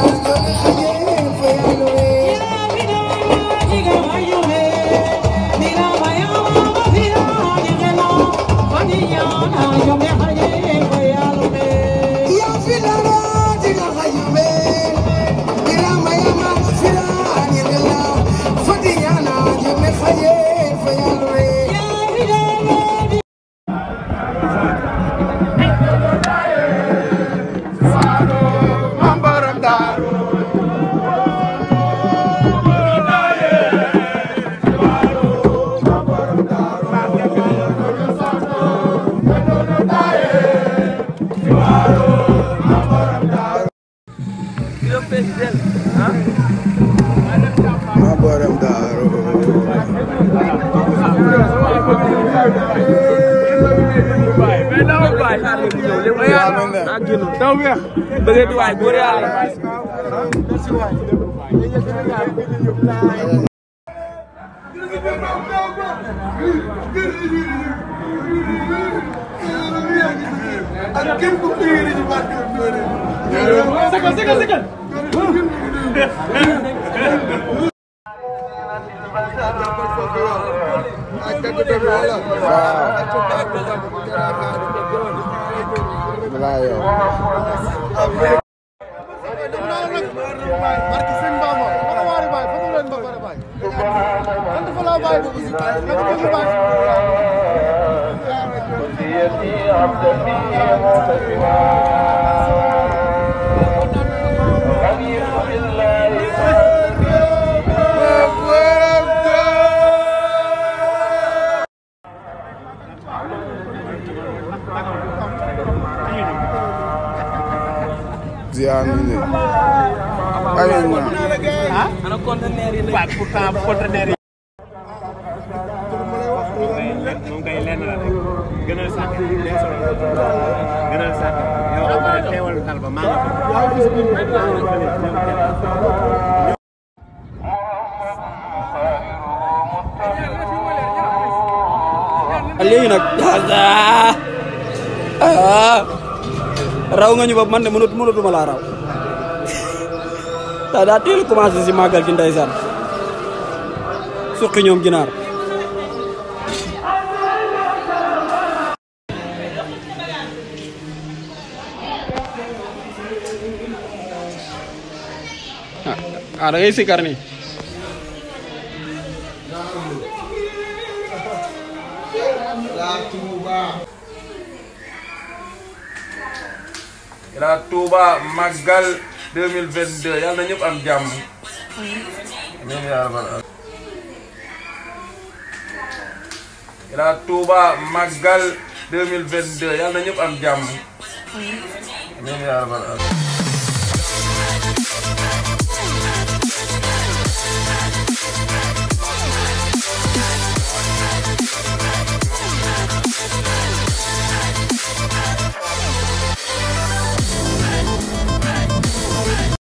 Não, Sekal, sekal, sekal. waaw. barki sëñ Bamba wala waari baay foog leen ba pare baay man dafa laa baay bu gis baay nga ko ñu baay يدي عبد في موت سواه ziar nañ leen. aywa ñu naan ah. waaw pourtant conteneur yi. moom kay lenn la rek gënal sàkk gënal sàkk yow xam nga teewal tal ba maa ngi fi. léegi nag ah, ah. raw nga ñu ba man de mënut mënutuma la raw ta daa teel commencé si magal ci ndaysan suqi ñom ginaar ah, ah da ngay sikar ni Ila Touba Magal 2022 yàlla na ñëpp am jàmm. amiin yaa rabbal aalamiin. Ila Touba Magal 2022 yàlla na am jàmm. amiin yaa rabbal aalamiin.